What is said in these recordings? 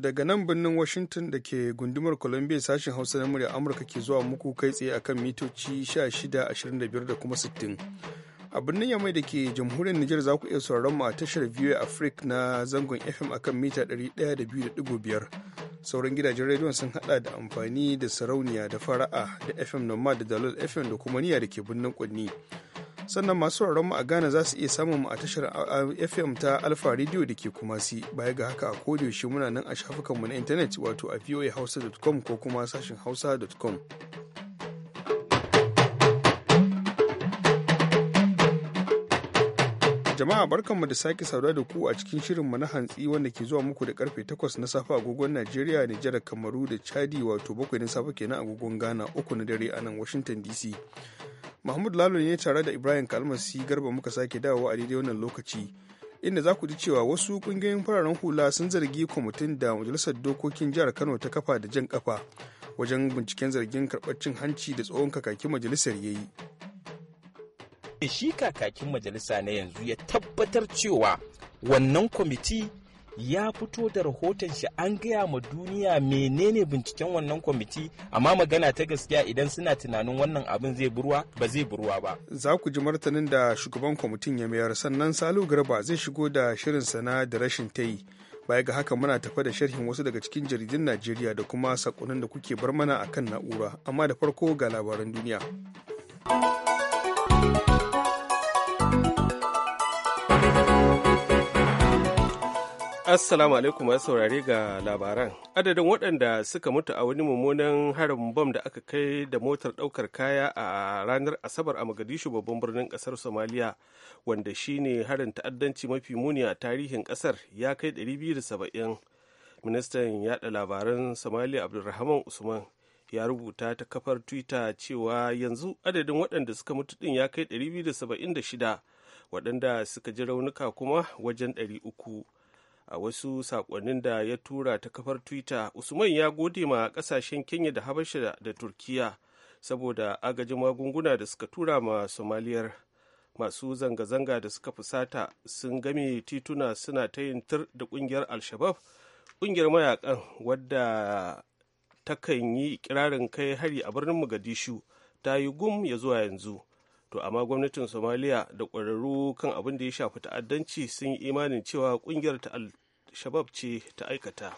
daga nan birnin Washington da ke gundumar Columbia sashen Hausa na murya Amurka ke zuwa muku kai tsaye akan mitoci 1625 da kuma 60. a birnin yamai da ke jamhuriyar Nijar za ku iya sauraron mu a tashar VOA Africa na zangon FM akan mita 102.5 sauran gidajen rediyon sun hada da amfani da sarauniya da fara'a da FM Nomad da Dalol FM da kuma niya da ke birnin kunni. sannan masu mu a Ghana za su iya samun mu a tashar FM ta Alfa Radio da ke kuma si baya ga haka a kodiyoshi muna nan a shafukanmu na intanet wato a voahausa.com ko kuma sashin hausa.com. Jama'a barkanmu da sake saurara da ku a cikin shirinmu na hantsi wanda ke zuwa muku da karfe 8 na safe agogon Najeriya, Nijar, Kamaru da Chadi wato bakwai na safe kenan agogon Ghana uku na dare a nan Washington DC. Mahmud Lalo ne tare da Ibrahim Kalmasi Garba muka sake dawowa a daidai wannan lokaci. Inda za ku ji cewa wasu kungiyoyin fararen hula sun zargi kwamitin da Majalisar Dokokin Jihar Kano ta kafa da jan kafa wajen binciken zargin karɓar cin hanci da tsohon kakakin majalisar ya yi. shi kakakin majalisa na yanzu ya tabbatar cewa wannan kwamiti ya fito da rahoton shi an gaya ma duniya menene binciken wannan kwamiti amma magana ta gaskiya idan suna tunanin wannan abin zai burwa ba zai burwa ba za ku ji martanin da shugaban kwamitin ya mayar sannan salu garba zai shigo da shirin sana da rashin ta yi baya ga haka muna tafa da sharhin wasu daga cikin jaridun najeriya da kuma sakonin da kuke bar mana akan na'ura amma da farko ga labaran duniya Assalamu alaikum masu saurare ga labaran. Adadin waɗanda suka mutu a wani mummunan harin bom da aka kai da motar ɗaukar kaya a ranar Asabar a Mogadishu babban birnin ƙasar Somaliya wanda shine harin ta'addanci mafi muni a tarihin ƙasar ya kai 270. Ministan yaɗa labaran Somaliya Abdulrahman Usman ya rubuta ta kafar Twitter cewa yanzu adadin waɗanda suka mutu ɗin ya kai 276 waɗanda suka ji raunuka kuma wajen 300. a wasu sakonnin da ya tura ta kafar twitter usman ya gode ma kasashen kenya da habasha da turkiya saboda agajin magunguna da suka tura ma somaliyar masu zanga-zanga da suka fusata sun gami tituna suna ta yin tur da kungiyar al-shabab kungiyar mayakan wadda ta kan yi kirarin kai hari a birnin mogadishu ta yi gum ya zuwa yanzu to amma gwamnatin somaliya da ƙwararru kan abin da ya shafi ta'addanci sun yi imanin cewa ƙungiyar ta shabab ce ta aikata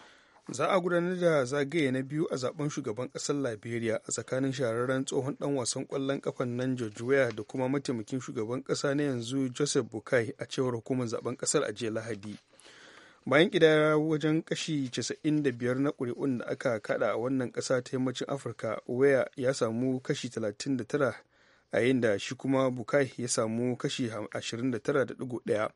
za a gudanar da zagaye na biyu a zaben shugaban kasar liberia a tsakanin shahararren tsohon dan wasan kwallon kafan nan george weah da kuma mataimakin shugaban kasa na yanzu joseph bukai a cewar hukumar zaben kasar a jiya lahadi bayan kidaya wajen kashi 95 na ƙuri'un da aka kada a wannan ƙasa ta yammacin afirka waya ya samu kashi 39 a yayin da shi kuma bukai ya samu kashi 29.1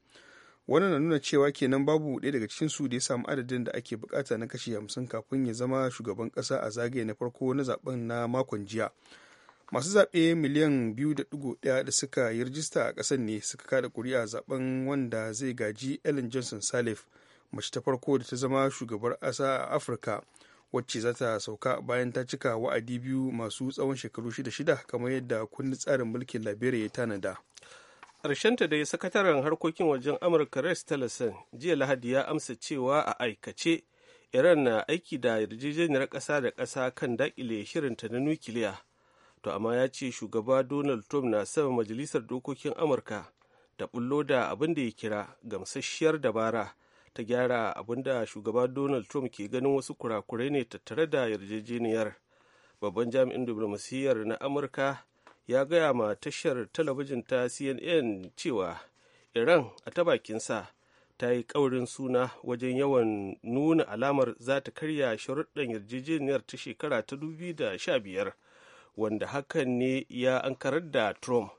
wannan na nuna cewa kenan babu ɗaya daga cikin su da ya samu adadin da ake bukata na kashi hamsin kafin ya zama shugaban ƙasa a zagaye na farko na zaben na makon jiya masu zaɓe miliyan 2.1 da suka yi rajista a ƙasar ne suka kada ƙuri'a zaben wanda zai gaji ellen johnson salif mace ta farko da ta zama shugabar ƙasa a afirka wacce za ta sauka bayan ta cika wa'adi biyu masu tsawon shekaru shida-shida kamar yadda kundin tsarin mulkin liberia ya tanada ta dai sakataren harkokin wajen amurka rex tillerson jiya lahadi ya amsa cewa a aikace iran na aiki da yarjejeniyar ƙasa da ƙasa kan daƙile shirinta na nukiliya to amma ya ce shugaba donald trump na sama majalisar dokokin amurka ta bullo da abin da ya kira gamsasshiyar dabara ta gyara abin da shugaba donald trump ke ganin wasu kurakurai ne tattare da yarjejeniyar babban jami'in diplomasiyyar na amurka ya gaya ma tashar talabijin ta cnn cewa iran a ta sa ta yi ƙaurin suna wajen yawan nuna alamar za ta karya sharuɗan yarjejeniyar ta shekara ta 2015 wanda hakan ne ya ankarar da trump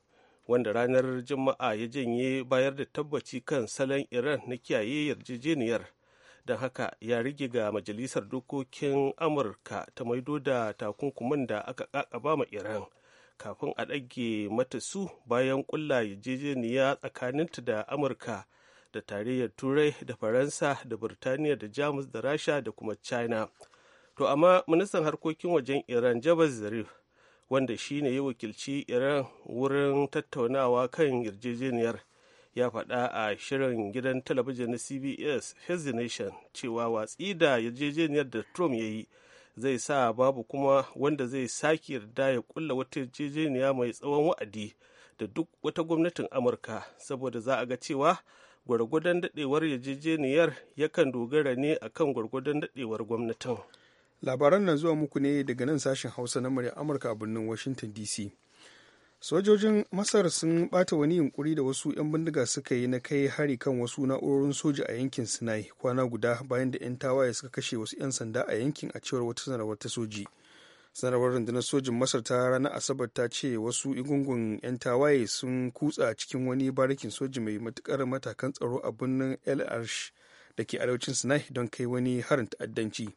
wanda ranar juma'a ya janye bayar da tabbaci kan salon iran na kiyaye yarjejeniyar don haka ya rige ga majalisar dokokin amurka ta maido da takunkuman da aka kakaba ma iran kafin a ɗage mata su bayan ƙulla yarjejeniya tsakaninta da amurka da tarayyar turai da faransa da birtaniya da jamus da rasha da kuma china to amma ministan harkokin wajen iran jabal zarif wanda shi ne ya wakilci iran wurin tattaunawa kan yarjejeniyar ya faɗa a shirin gidan talabijin na cbs his nation cewa watsi da yarjejeniyar da trump ya yi zai sa babu kuma wanda zai sake yarda ya kulla wata yarjejeniya mai tsawon wa'adi da duk wata gwamnatin amurka saboda za a ga cewa gwargwadon dadewar yarjejeniyar yakan dogara ne akan gwargwadon dadewar gwamnatin labaran na zuwa muku ne daga nan sashen hausa na murya amurka a birnin washington dc sojojin masar sun bata wani yunkuri da wasu 'yan bindiga suka yi na kai hari kan wasu na'urorin soja a yankin sinai kwana guda bayan da 'yan tawaye suka kashe wasu 'yan sanda a yankin a cewar wata sanarwar ta soji sanarwar rundunar sojin masar ta ranar asabar ta ce wasu igungun 'yan tawaye sun kutsa cikin wani barikin soji mai matukar matakan tsaro a birnin el arsh da ke arewacin sinai don kai wani harin ta'addanci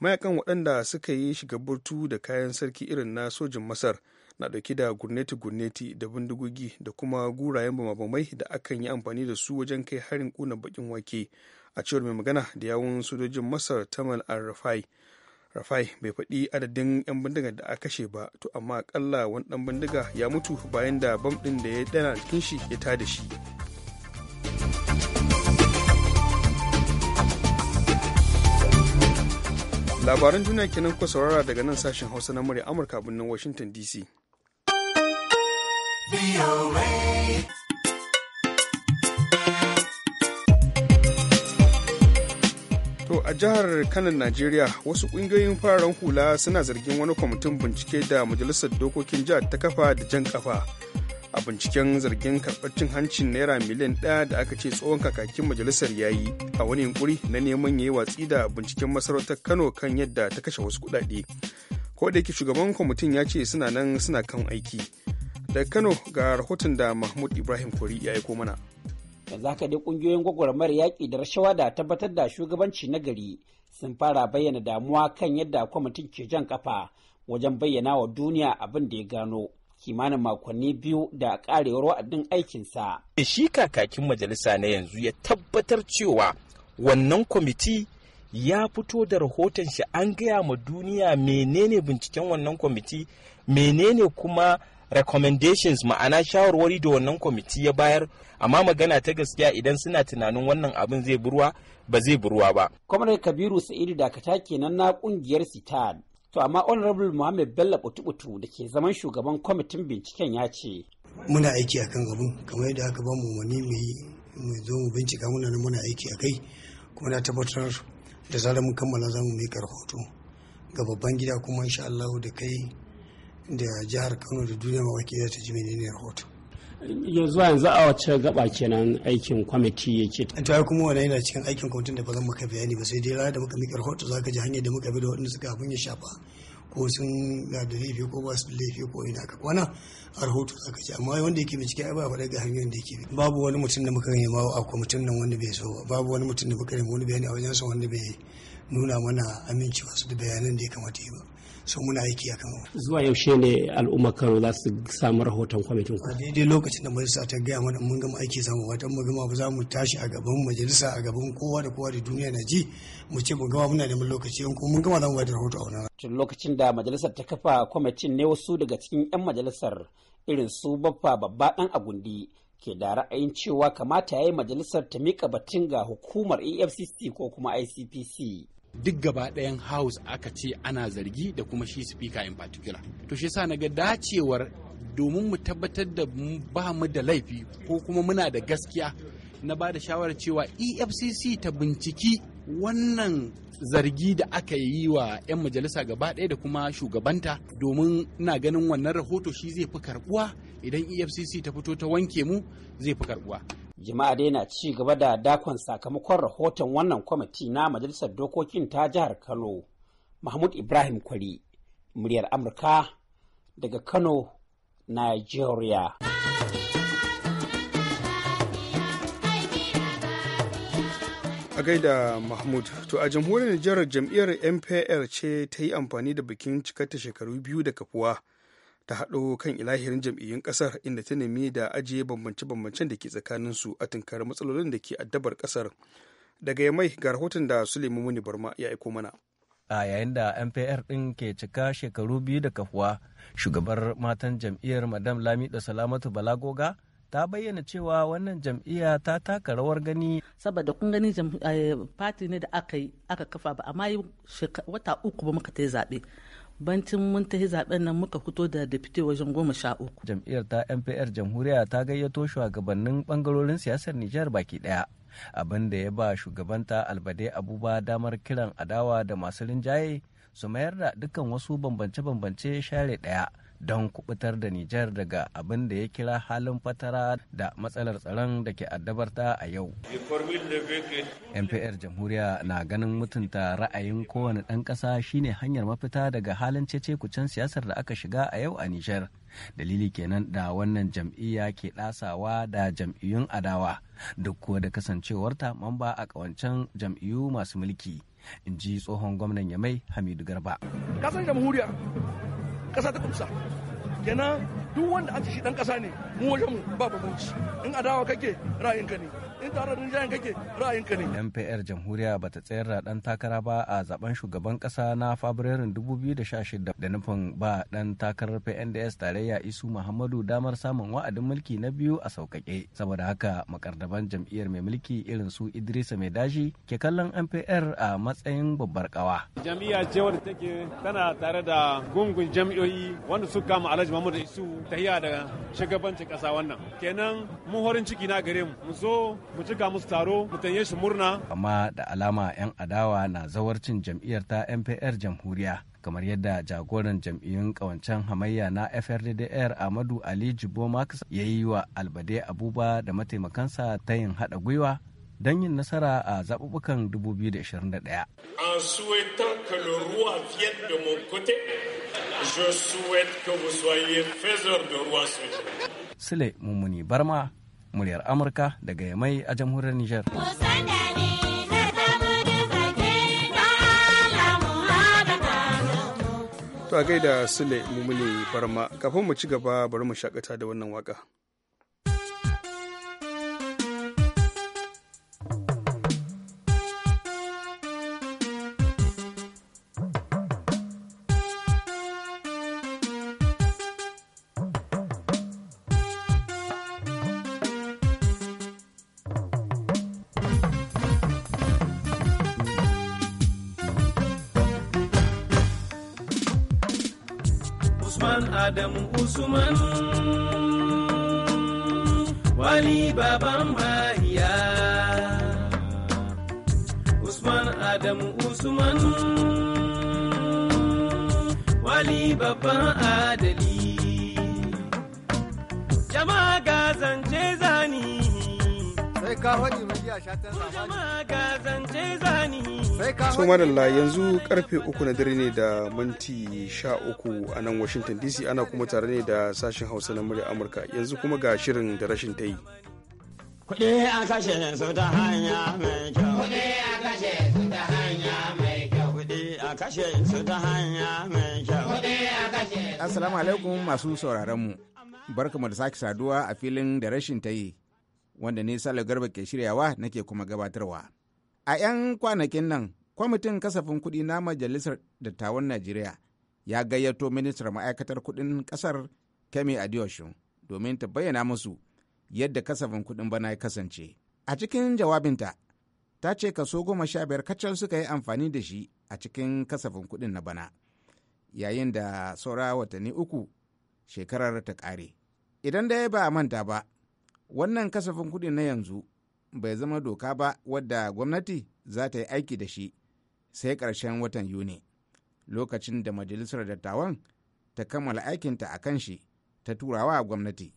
mayakan waɗanda suka yi shiga burtu da kayan sarki irin na sojin masar na dauke da gurneti-gurneti da bindigogi da kuma gurayen bamabamai da akan yi amfani da su wajen kai harin kuna bakin wake a cewar mai magana da yawun sojojin masar tamal al rafai rafai bai faɗi adadin 'yan bindiga da a kashe ba to amma akalla wani dan bindiga ya mutu bayan da bam ɗin da ya dana cikin shi ya tada shi labaran duniya kenan ku saurara daga nan sashen hausa na murya amurka birnin washington dc To a jihar kano Najeriya wasu ƙungiyoyin fararen hula suna zargin wani kwamitin bincike da majalisar dokokin jihar ta kafa da jan kafa a binciken zargin karɓar cin hancin naira miliyan ɗaya da aka ce tsohon kakakin majalisar ya yi a wani yunkuri na neman ya yi watsi da binciken masarautar Kano kan yadda ta kashe wasu kuɗaɗe. Ko da yake shugaban kwamitin ya ce suna nan suna kan aiki. daga kano ga rahoton da mahmud ibrahim kori ya aiko mana yanzu ka dai kungiyoyin gwagwarmar yaƙi da rashawa da tabbatar da shugabanci na gari sun fara bayyana damuwa kan yadda kwamitin ke jan kafa wajen bayyana wa duniya abin da ya gano kimanin makonni biyu da karewar wa'adin aikinsa. shi kakakin majalisa na yanzu ya tabbatar cewa wannan kwamiti ya fito da rahoton shi an gaya ma duniya menene binciken wannan kwamiti menene kuma recommendations ma'ana shawarwari da wannan kwamiti ya bayar amma magana ta gaskiya idan suna tunanin wannan abin zai burwa ba zai burwa ba. Kwamar Kabiru Sa'idu Dakata kenan na kungiyar Sitan. To amma Honorable Muhammad Bello Butubutu da ke zaman shugaban kwamitin binciken ya ce. Muna aiki a kan abin kamar yadda aka ba mu wani mu zo mu bincika muna nan muna aiki a kai kuma na tabbatar da zarar mun kammala zamu mu mai rahoto ga babban gida kuma insha Allah da kai da jihar kano da duniya mawaki za ta ji menene rahoto yanzu yanzu a wace gaba kenan aikin kwamiti ya ce ta kuma wani yana cikin aikin kwamitin da ba zan maka bayani ba sai dai rana da muka miƙa rahoto za ka ji hanyar da muka bi da waɗanda suka abin ya shafa ko sun ga da laifi ko ba su da laifi ko ina ka kwana a rahoto za ka ji amma wanda yake bincike ai ba faɗa ga hanyoyin da yake bi babu wani mutum da muka ma a kwamitin nan wanda bai so ba babu wani mutum da muka gani wani bayani a wajensa wanda bai nuna mana amincewa su da bayanan da ya kamata yi ba so muna aiki a kan zuwa yaushe ne al'ummar kano za su samu rahoton kwamitin ku a daidai lokacin da majalisa ta gaya mana mun gama aiki samu wata mu gama ba za mu tashi a gaban majalisa a gaban kowa da kowa da duniya na ji mu ce mu gama muna neman lokaci in kuma mun gama za mu bada rahoto a wannan tun lokacin da majalisar ta kafa kwamitin ne wasu daga cikin 'yan majalisar irin su baffa babba dan agundi ke da ra'ayin cewa kamata ya yi majalisar ta mika batun ga hukumar efcc ko kuma icpc duk gaba ɗayan house aka ce ana zargi da kuma shi speaker in particular to shi sa naga dacewar domin mu tabbatar da ba mu da laifi ko kuma muna da gaskiya na ba da shawarar cewa efcc ta binciki wannan zargi da aka yi wa 'yan majalisa gaba ɗaya da kuma shugabanta domin na ganin wannan rahoto shi zai fi karbuwa idan efcc ta fito ta wanke mu zai fi karbuwa jama'a dai na ci gaba da dakon sakamakon rahoton wannan kwamiti na majalisar dokokin ta jihar kano mahmud ibrahim kwari muryar amurka daga kano nigeria a gaida mahmud to a jamhuriyar nijar jam'iyyar mpr ce ta yi amfani da bikin cikarta shekaru biyu da kafuwa ta haɗo kan ilahirin jam'iyyun ƙasar inda ta nemi da ajiye bambance-bambancen da ke tsakanin su a tunkar matsalolin da ke addabar ƙasar daga yamai ga rahoton da suleiman muni barma ya aiko mana a yayin da mpr ɗin ke cika shekaru biyu da kafuwa shugabar matan jam'iyyar madam lami da salamatu balagoga ta bayyana cewa wannan jam'iyya ta taka rawar gani saboda kun gani fati eh, ne da aka yi aka kafa ba amma wata uku ba muka ta yi zaɓe bantin mun tafi zaben nan muka fito da dafite wajen goma sha uku. Jam'iyyar ta npr jamhuriya ta gayyato shugabannin bangarorin siyasar Nijar baki daya. Abin da ya ba shugabanta Albade Abuba damar kiran adawa da masu rinjaye su mayar da dukkan wasu bambance-bambance share daya don kubutar da Nijar daga abin da ya kira halin fatara da matsalar tsaron da ke addabarta a yau. NPR jamhuriya na ganin mutunta ra'ayin kowane ɗan ƙasa shine hanyar mafita daga halin cece kucen siyasar da aka shiga a yau a Nijar. Dalili kenan da wannan jam'iyya ke ɗasawa da jam'iyyun adawa duk kuwa da kasancewarta mamba a ƙawancen jam'iyyu masu mulki. In ji tsohon gwamnan Yamai Hamidu Garba. jamhuriya kasa ta kumsa kenan duk wanda an ci shi dan kasa ne mu wajen mu ba babanci in adawa kake ra'ayinka ne in eh, tare da NPR jamhuriya bata tsayar da dan takara ba a zaben shugaban kasa na Fabrairun 2016 da nufin ba dan takarar PNDS tarayya Isu Muhammadu damar samun wa'adin mulki na biyu a saukake saboda haka makardaban jam'iyyar mai mulki irin su Idrisa Mai Daji ke kallon NPR a matsayin babbar kawa jam'iyya ce wadda take tana tare da gungun jam'iyyoyi wanda su kama Alhaji Muhammadu Isu tahiya da shugabancin kasa wannan kenan mu horin ciki na gare mu mu zo mu cika musu taro mu tanye shi murna amma da alama yan adawa na zawarcin jam'iyyar ta MPR jamhuriya kamar yadda jagoran jam'iyyun kawancen hamayya na FRDDR amadu Ali Jibo Max ya yi wa Albade Abuba da mataimakansa ta yin haɗa gwiwa don yin nasara a zaɓuɓɓukan 2021. En ruwa da je ka da su. Sule Mummuni Barma, muryar amurka daga yamai a jamhuriyar nijar to a gaida sule mumuni barma kafin mu ci gaba bari mu shakata da wannan waka Usman wali baban mahiya Usman Adamu Usman wali babban adali jama'a ga zance zani sai ka su madalla yanzu karfe uku na dare ne da minti sha uku a nan washington dc ana kuma tare ne da sashen hausa na murya amurka yanzu kuma ga shirin da rashin ta yi kuɗi a kashe su ta hanya mai kyau kuɗi a kashe su ta hanya mai kyau kuɗi a kashe su ta hanya mai kyau kuɗi a kashe assalamu alaikum masu sauraron mu barkamu da sake saduwa a filin da rashin ta yi wanda ne salo garba ke shiryawa nake kuma gabatarwa a 'yan kwanakin nan kwamitin kasafin kuɗi na majalisar dattawan najeriya ya gayyato ministar ma'aikatar kuɗin ƙasar kemi adioshin domin ta bayyana musu yadda kasafin kuɗin bana ya kasance a cikin jawabinta ta ce kaso goma sha biyar kacal suka yi amfani da shi a cikin kasafin kuɗin na bana yayin da saura watanni uku shekarar ta ƙare idan dai ba a manta ba wannan kasafin kuɗi na yanzu bai zama doka ba wadda gwamnati za ta yi aiki da shi sai ƙarshen watan yuni lokacin da majalisar dattawan ta kammala aikinta a kan shi ta turawa gwamnati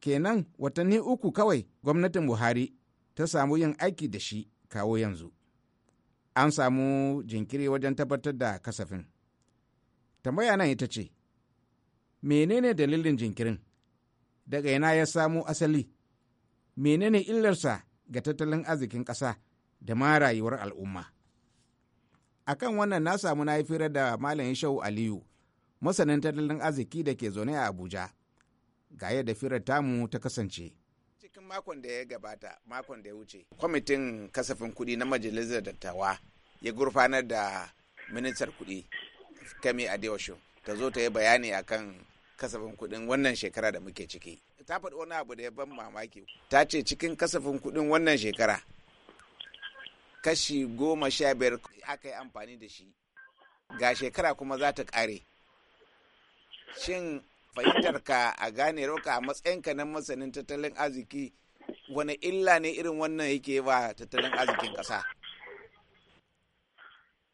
kenan watanni uku kawai gwamnatin buhari ta samu yin aiki da shi kawo yanzu an samu jinkiri wajen tabbatar da kasafin tambaya nan ita ce menene dalilin jinkirin daga ina ya samo asali menene illarsa ga tattalin arzikin ƙasa da ma rayuwar al'umma. a kan wannan na samu na yi fira da Malam Shau Aliyu, masanin tattalin arziki da ke zaune a Abuja. Ga yadda firar tamu ta kasance. Cikin makon da ya gabata, makon da ya wuce, kwamitin kasafin kuɗi na majalisar dattawa ya gurfanar da ministar kuɗi kami Adeosun ta zo ta yi bayani akan kasafin kuɗin wannan shekara da muke ciki. ta faɗi wani abu da ya ban mamaki ta ce cikin kasafin kuɗin wannan shekara kashi goma sha biyar aka yi amfani da shi ga shekara kuma za ta ƙare shin fahimtarka a gane roka a matsayinka na masanin tattalin arziki wani illa ne irin wannan yake ba tattalin arzikin ƙasa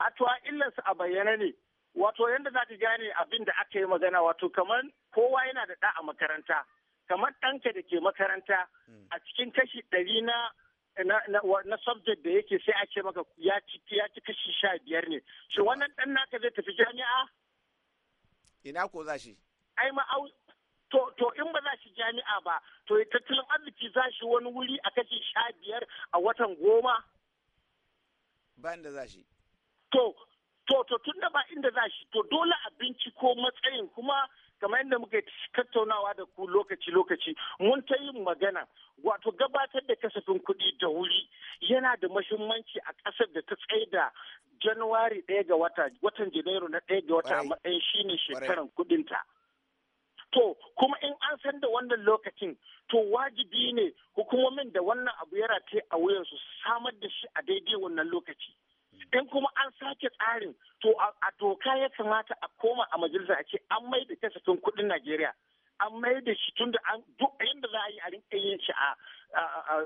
a illarsa a bayyana ne wato yadda za ka gane abin da aka yi magana wato kamar kowa yana da ɗa a makaranta kamar ɗanka da ke makaranta hmm. a cikin kashi ɗari na na subject da yake sai a ce maka ya ci kashi sha biyar ne shi wannan ɗan naka zai tafi jami'a ina ko za shi ai ma to to in ba za shi jami'a ba to tattalin arziki za shi wani wuri a kashi sha biyar a watan goma ba inda za shi to to to tun da ba inda za shi to dole a binciko matsayin kuma kamar yadda muke tattaunawa da ku lokaci-lokaci mun ta yin magana wato gabatar da kasafin kuɗi da wuri yana da mahimmanci a ƙasar da ta da januwari ɗaya ga wata watan janairu na ɗaya ga wata a matsayin shine shekaran kuɗinta. To, kuma in an san da wannan lokacin, to wajibi ne hukumomin da wannan abu ya rataye a wuyan su samar da shi a daidai wannan lokaci. in kuma an sake tsarin to a doka ya kamata a koma a majalisa a ce an mai da kasafin kudin najeriya an mai da shi tun da duk yadda za a yi a rinka yin shi a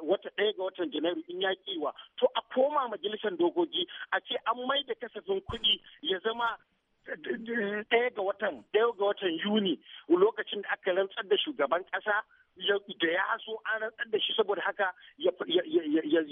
wata ɗaya ga watan janairu in ya kiwa to a koma majalisar dokoki a ce an mai da kasafin kudi ya zama ɗaya ga watan ga watan yuni lokacin da aka rantsar da shugaban ƙasa da ya haso an rantsar da shi saboda haka ya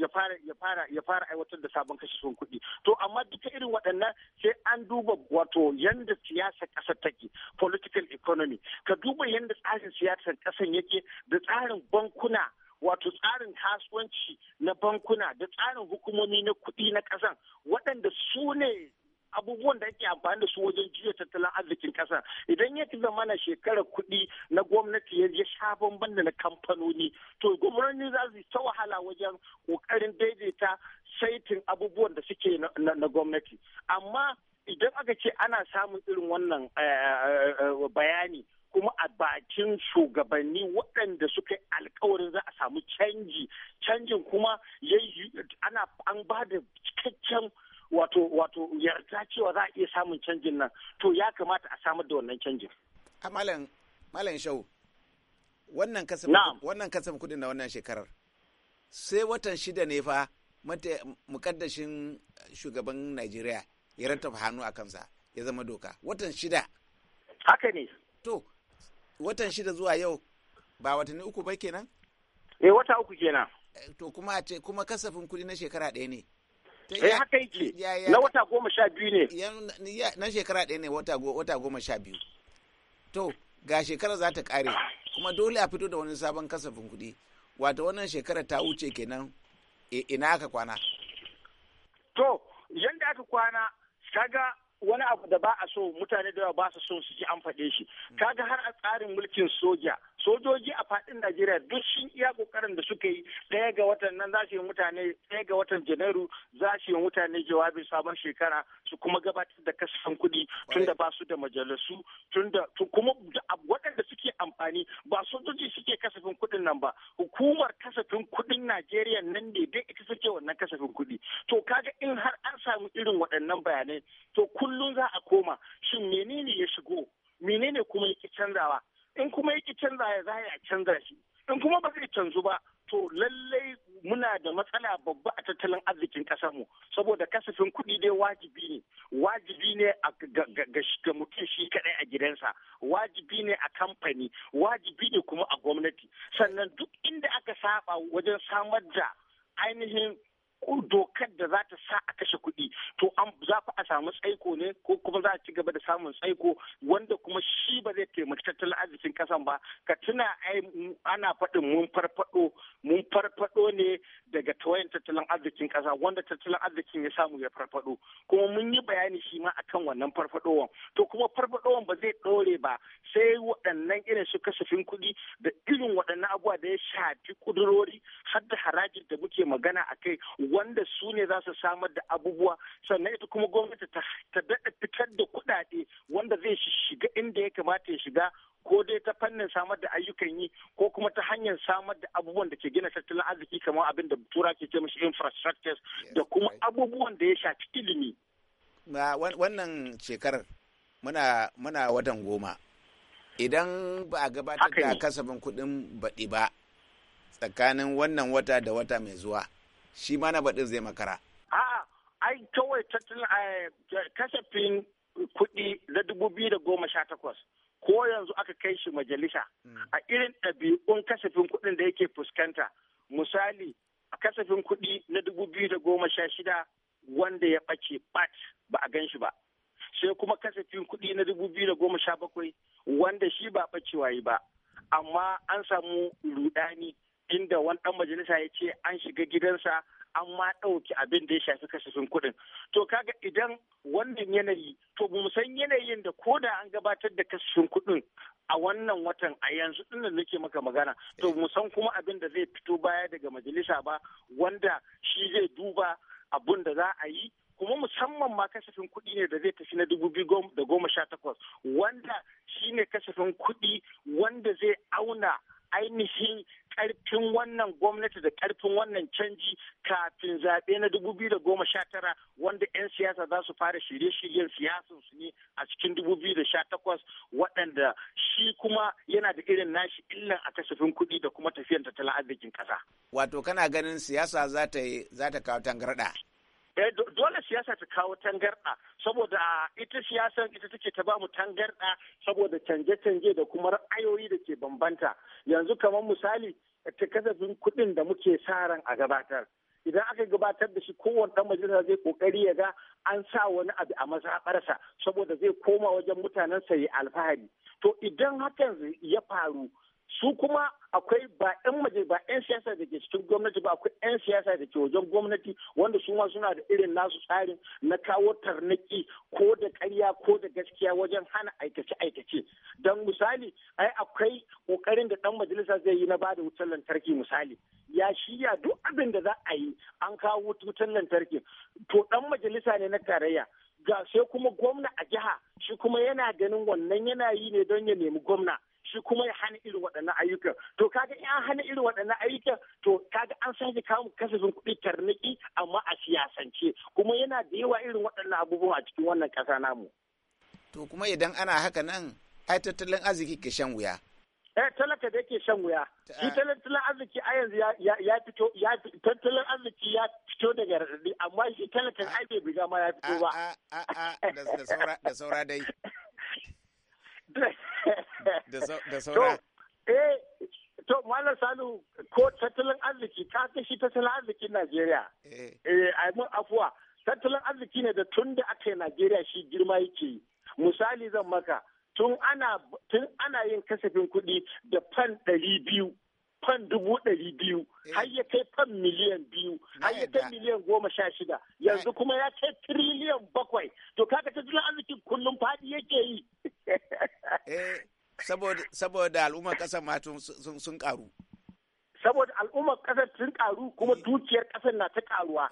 fara ya fara ya fara aiwatar da sabon kashe sun kuɗi to amma duka irin waɗannan sai an duba wato yanda siyasar ƙasar take political economy ka duba yanda tsarin siyasar ƙasar yake da tsarin bankuna wato tsarin kasuwanci na bankuna da tsarin hukumomi na kuɗi na ƙasan waɗanda su ne abubuwan da ake amfani da su wajen jiya tattalin arzikin ƙasa idan ya zama na shekarar kuɗi na gwamnati ya sha bamban da na kamfanoni to gwamnati za su ta wahala wajen ƙoƙarin daidaita saitin abubuwan da suke na gwamnati amma idan aka ce ana samun irin wannan eh, eh, eh, bayani kuma a bakin shugabanni waɗanda suka yi alkawarin za a samu canji canjin kuma ana an ba da cikakken wato wato yarda cewa za a iya samun canjin nan to ya kamata a samar da wannan canjin a ah, malam malam shau wannan kasafin wannan kasafin kudin na wannan shekarar sai watan shida ne fa mukaddashin shugaban Najeriya ya ranta hannu a kansa ya zama doka watan shida haka ne to watan shida zuwa yau ba watanni uku ba kenan eh wata uku kenan eh, to kuma a ce kuma kasafin kudi na shekara ɗaya ne sai eh, haka yake. Na wata goma sha biyu ne. Na shekara ɗaya ne wata goma sha biyu. To, ga shekara za ta ƙare. Kuma dole a fito da wani sabon kasafin kuɗi. Wato wannan shekara ta wuce kenan e, ina aka kwana. To, yanda aka kwana, kaga wani abu da ba a so mutane da ba su so su ji an faɗe shi. Hmm. Kaga har a tsarin mulkin soja. sojoji a faɗin najeriya duk sun iya kokarin da suka yi ɗaya ga watan nan za su yi mutane ɗaya ga watan janairu za su yi mutane jawabin sabon shekara su kuma gabatar da kasafin kuɗi tun da ba su da majalisu tun da kuma waɗanda suke amfani ba sojoji suke kasafin kuɗin nan ba hukumar kasafin kuɗin najeriya nan ne dai ita suke wannan kasafin kuɗi to kaga in har an samu irin waɗannan bayanai to kullum za a koma shin menene ya shigo menene kuma yake canzawa in kuma yake canza ya za a canza shi in kuma ba zai canzu ba to lallai muna da matsala babba a tattalin arzikin mu saboda kasafin kuɗi dai wajibi ne wajibi ne ga mutum shi kaɗai a gidansa wajibi ne a kamfani wajibi ne kuma a gwamnati sannan duk inda aka saba wajen samar da ainihin dokar da za ta sa a kashe kuɗi to an za ku a samu tsaiko ne ko kuma za a ci gaba da samun tsaiko wanda kuma shi ba zai taimaki tattalin arzikin kasan ba ka tuna ai ana faɗin mun farfaɗo mun farfaɗo ne daga tawayan tattalin arzikin kasa wanda tattalin arzikin ya samu ya farfaɗo kuma mun yi bayani shi ma akan wannan farfaɗowan to kuma farfaɗowan ba zai ɗore ba sai waɗannan irin su kasafin kuɗi da irin waɗannan abubuwa da ya shafi ƙudurori har da harajin da muke magana akai wanda su ne za su samar da abubuwa sannan ita kuma gwamnati ta daɗa fitar da kuɗaɗe wanda zai shiga inda ya kamata ya shiga ko dai ta fannin samar da ayyukan yi ko kuma ta hanyar samar da abubuwan da ke gina tattalin arziki kamar abin da tura ke ce mashi infrastructures da kuma abubuwan da ya shafi ilimi. wannan shekarar muna muna watan goma idan ba a gabatar da kasafin kuɗin baɗi ba tsakanin wannan wata da wata mai zuwa shi ma na baɗin zai makara. A'a, ai kawai tattalin eh, kasafin kuɗi na dubu biyu da goma sha takwas ko yanzu aka kai shi majalisa hmm. a irin ɗabi'un kasafin kuɗin da yake fuskanta misali a kasafin kuɗi na dubu biyu da goma sha shida wanda ya ɓace bat ba a gan shi ba sai kuma kasafin kuɗi na dubu biyu da goma sha bakwai wanda shi ba ɓacewa yi ba amma an samu rudani inda wani dan majalisa ya ce an shiga gidansa an ma ɗauki abin da ya shafi kasafin kuɗin. To kaga idan wannan yanayi to mu san yanayin da ko da an gabatar da kasafin kuɗin a wannan watan a yanzu ɗin da nake maka magana to mu san kuma abin da zai fito baya daga majalisa ba wanda shi zai duba abun da za a yi kuma musamman ma kasafin kuɗi ne da zai tafi na dubu biyu da goma sha takwas wanda shine kasafin kuɗi wanda zai auna ainihin karfin wannan gwamnati da karfin wannan canji kafin zaɓe na dubu biyu da goma sha tara wanda 'yan siyasa za su fara shirye-shiryen siyasansu ne a cikin dubu biyu da sha takwas waɗanda shi kuma yana da irin nashi illan a kasafin kuɗi da kuma tafiyar tattalin arzikin ƙasa. Wato kana ganin siyasa za ta kawo tangarɗa. Eh, siyasa ta kawo tangarɗa saboda ita siyasan ita take ta bamu tangarɗa saboda canje-canje da kuma ra'ayoyi da ke bambanta yanzu kamar misali ta kasafin kuɗin da muke sa ran a gabatar idan aka gabatar da shi kowane dan majalisa zai kokari ya ga an sa wani abu a mazaɓarsa saboda zai koma wajen mutanen ya alfahari to idan hakan ya faru su kuma akwai ba 'yan maje ba 'yan siyasa da ke cikin gwamnati ba akwai 'yan siyasa da ke wajen gwamnati wanda su ma suna da irin nasu tsarin na kawo tarnaki ko da karya ko da gaskiya wajen hana aikace-aikace don misali ai akwai kokarin da ɗan majalisa zai yi na ba da wutar lantarki misali ya shirya duk abin da za a yi an kawo wutar lantarki to ɗan majalisa ne na tarayya ga sai kuma gwamna a jiha shi kuma yana ganin wannan yana yi ne don ya nemi gwamna shi kuma ya hana irin waɗannan ayyukan to kaga in an hana irin waɗannan ayyukan to kaga an sake kawo kasafin kuɗi tarniki amma a siyasance kuma yana da yawa irin waɗannan abubuwa a cikin wannan ƙasa namu to kuma idan ana haka nan ai tattalin arziki ke shan wuya eh talaka da yake shan wuya shi tattalin arziki a yanzu ya fito ya tattalin arziki ya fito daga radadi amma shi talakan ai bai biga ma ya fito ba a a a da saura dai da eh, to malam salu ko tattalin arziki ka kashi tattalin arzikin najeriya eh, eh a mun afuwa tattalin arziki ne da tun da aka yi najeriya shi girma yake yi misali zan maka tun ana tun ana yin kasafin kuɗi da fan ɗari biyu fan dubu ɗari biyu eh. har ya kai fan miliyan biyu har ya kai miliyan goma sha shida yanzu kuma ya kai tiriliyan bakwai to kaga tattalin arzikin kullum faɗi yake yi eh, saboda al'ummar ƙasar ma sun ƙaru saboda al'ummar ƙasar sun ƙaru kuma eh. dukiyar ƙasar na ta ƙaruwa,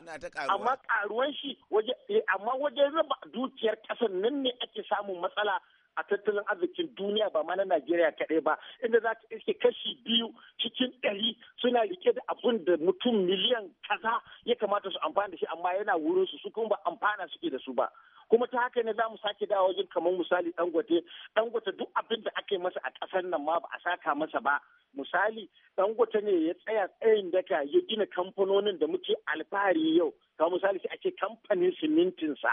amma ƙaruwan shi waje amma wajen raba dukiyar ƙasar nan ne ake samun matsala a tattalin arzikin duniya ba ma na Najeriya kaɗai ba inda za ka iske kashi biyu cikin ɗari suna rike da abin da mutum miliyan kaza ya kamata su amfana da shi amma yana wurin su su kuma ba amfana suke da su ba kuma ta haka ne za mu sake dawo wajen kamar misali dangote dangote duk abin da aka yi masa a ƙasar nan ma ba a saka masa ba misali dangote ne ya tsaya tsayin daka ya gina kamfanonin da muke alfahari yau ka misali sai ake ce kamfanin sa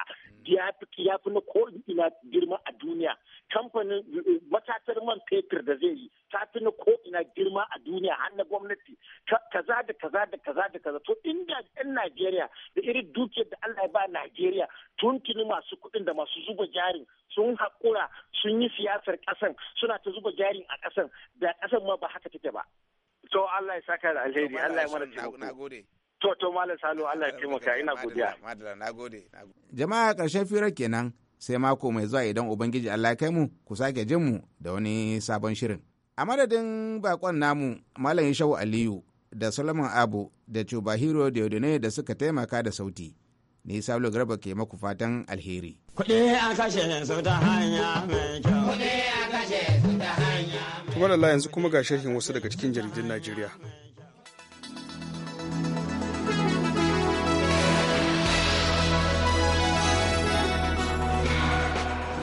ya fi na ko ina girma a duniya kamfanin matatar man fetur da zai yi ta fi na ko ina girma a duniya har na gwamnati kaza da kaza da kaza da kaza to inda yan Najeriya da iri dukiyar da Allah ya ba Najeriya tuntuni masu kuɗin da masu zuba jarin sun haƙura sun yi siyasar ƙasan suna ta zuba jarin a ƙasan da ƙasan ma ba haka take ba. To Allah ya saka da alheri Allah ya mana taimako. To to Malam Salo Allah ya taimaka ina godiya. Madalla na gode. Jama'a ƙarshen firar kenan sai mako mai zuwa idan Ubangiji Allah ya kai mu ku sake jin mu da wani sabon shirin. A madadin bakon namu Malam Yashau Aliyu da Solomon Abu da Chuba Hero da suka taimaka da sauti. Ni Salo Garba ke maku fatan alheri. Kuɗi a kashe su ta hanya mai kyau. Kuɗi a kashe su ta hanya. Tumalala yanzu kuma ga sharhin wasu daga cikin jaridun Najeriya.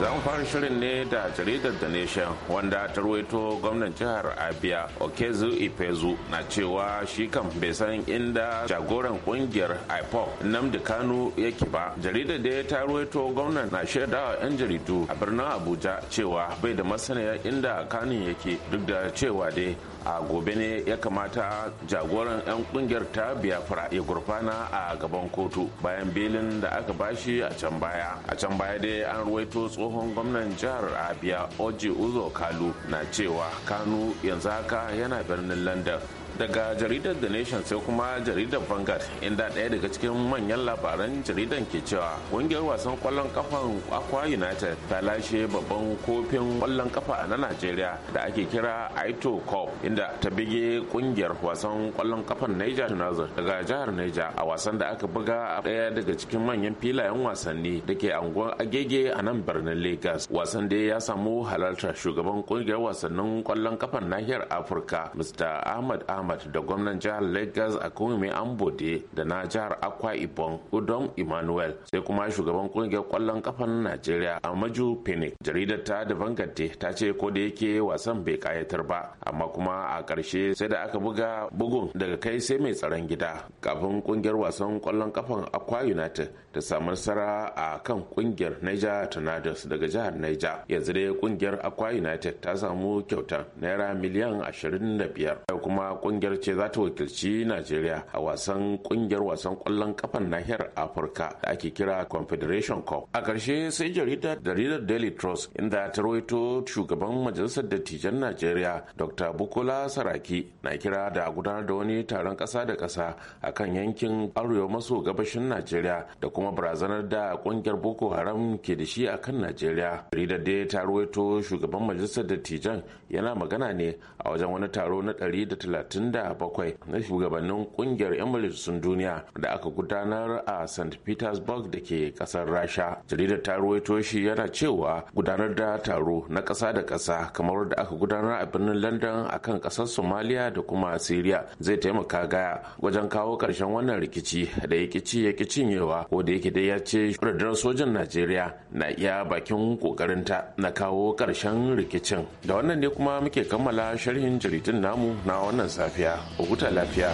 za mu fara shirin ne da jaridar the nation wanda ta ruwaito gwamnan jihar abia okezu Ipezu, na cewa shi kan bai san inda jagoran kungiyar ipop namdi kanu yake ba jaridar da ta ruwaito gwamnan na shaidawa 'yan jaridu a birnin abuja cewa bai da masaniya inda kanin yake duk da cewa dai a gobe ne ya kamata jagoran 'yan kungiyar ta biafra ya gurfana a gaban kotu bayan belin da aka bashi a can baya a can baya dai an ruwaito tsohon gwamnan jihar abia oji uzo kalu na cewa kanu yanzu haka yana birnin london daga jaridar the nation sai kuma jaridar Vangard, inda ɗaya daga cikin manyan labaran jaridan ke cewa ƙungiyar wasan ƙwallon kafan akwa united ta lashe babban kofin ƙwallon kafa na najeriya da ake kira aito cup inda ta bige ƙungiyar wasan ƙwallon kafan niger tunazar daga jihar niger a wasan da aka buga a ɗaya daga cikin manyan filayen wasanni da ke anguwar agege a nan birnin lagos wasan da ya samu halartar shugaban ƙungiyar wasannin ƙwallon kafan nahiyar afirka mr ahmad ahmad ahmad da gwamnan jihar lagos a mai ambode da na jihar akwa ibom udom emmanuel sai kuma shugaban kungiyar kwallon kafan najeriya amaju phoenix jaridar ta da vangante ta ce ko da yake wasan bai kayatar ba amma kuma a ƙarshe sai da aka buga bugun daga kai sai mai tsaron gida kafin kungiyar wasan kwallon kafan akwa united ta samu nasara a kan kungiyar niger tornadoes daga jihar niger yanzu dai kungiyar akwa united ta samu kyauta naira miliyan 25 kuma kungiyar ce za ta wakilci najeriya a wasan kungiyar wasan kwallon kafan nahiyar afirka da ake kira confederation cup a ƙarshe sai jaridar jaridar daily trust inda ta rawaito shugaban majalisar dattijan najeriya dr bukola saraki na kira da gudanar da wani taron ƙasa da ƙasa a kan yankin arewa maso gabashin najeriya da kuma barazanar da kungiyar boko haram ke da shi a kan najeriya jaridar dai ta rawaito shugaban majalisar dattijan yana magana ne a wajen wani taro na 130 bakwai, na shugabannin kungiyar 'yan sun duniya da aka gudanar a st petersburg da ke kasar rasha jaridar ta ruwaito shi yana cewa gudanar da taro na kasa da kasa kamar da aka gudanar a birnin london akan kasar somalia da kuma syria zai taimaka gaya wajen kawo karshen wannan rikici da ya kici ya ki cinyewa ko da yake dai ya ce rundunar sojan najeriya na iya bakin ta na kawo karshen rikicin da wannan ne kuma muke kammala sharhin jaridun namu na wannan sati lafiya huta lafiya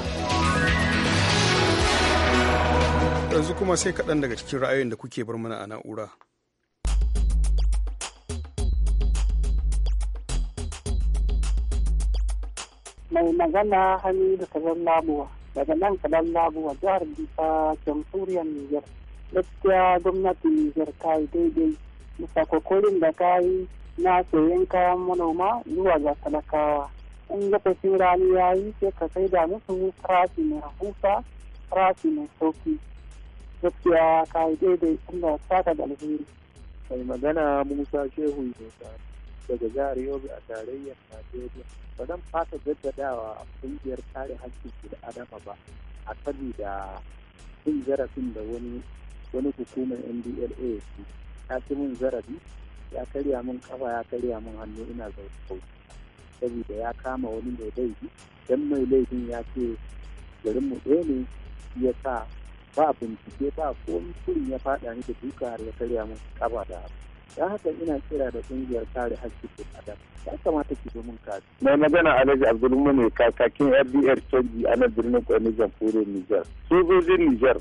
yanzu kuma sai kaɗan daga cikin ra'ayoyin da kuke bar mana a na'ura mai magana hannu da kazan labuwa daga nan kazan labuwa jihar bisa jamhuriyar niger gaskiya gwamnatin niger ta yi daidai bisa kokorin da ta yi na sayan kayan manoma zuwa ga talakawa in lokacin rani ya yi sai ka sai da musu farashi mai rahusa farashi mai sauki gaskiya ka yi daidai Allah saka da alheri mai magana Musa Shehu Yusa daga jihar Yobe a tarayyar Najeriya ba zan fata jaddadawa a kungiyar kare da Adama ba a da cin zarafin da wani wani hukumar NDLA ya ci min zarafi ya karya min kafa ya karya min hannu ina zaune saboda ya kama wani mai laifi dan mai laifin ya ce garin mu ɗaya ne ya sa ba bincike ba komi kurin ya faɗa ni da duka har ya karya mun kaba da abu don haka ina kira da kungiyar kare haƙƙin ɗan adam ya kamata ki zo mun kare. mai magana alhaji abdulmu mai kakakin rdr canji a nan birnin kwanin jamhuriyar nijar sojojin nijar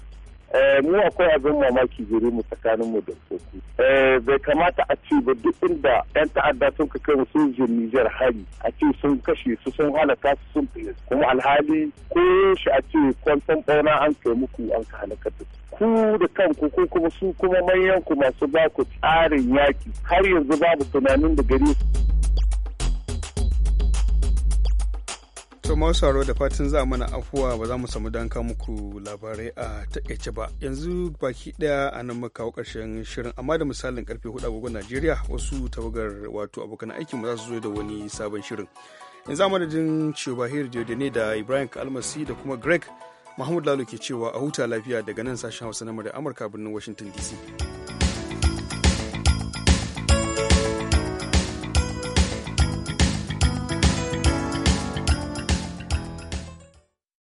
Eh, mu akwai abin mamaki gare mu tsakanin mu da soku eh, bai kamata a ce ba duk inda yan ta'adda sun ka kai musu Nijar hari a ce sun kashe su sun halaka su sun fiye kuma alhali ko shi a ce kwanton bauna an kai muku an ka halaka da ku da kanku ko kuma su kuma manyan ku masu ba ku tsarin yaki har yanzu babu tunanin da gare su to saro da fatan za mana afuwa ba za mu samu don muku labarai a takaice ba yanzu baki daya a nan muka kawo karshen shirin amma da misalin karfe hudu agogon najeriya wasu tawagar wato abokan aikin mu za su zo da wani sabon shirin yanzu da jin cebahir ne da ibrahim kalmasi da kuma greg mahmud lalo ke cewa a huta lafiya daga nan sashen hausa na amurka birnin washington dc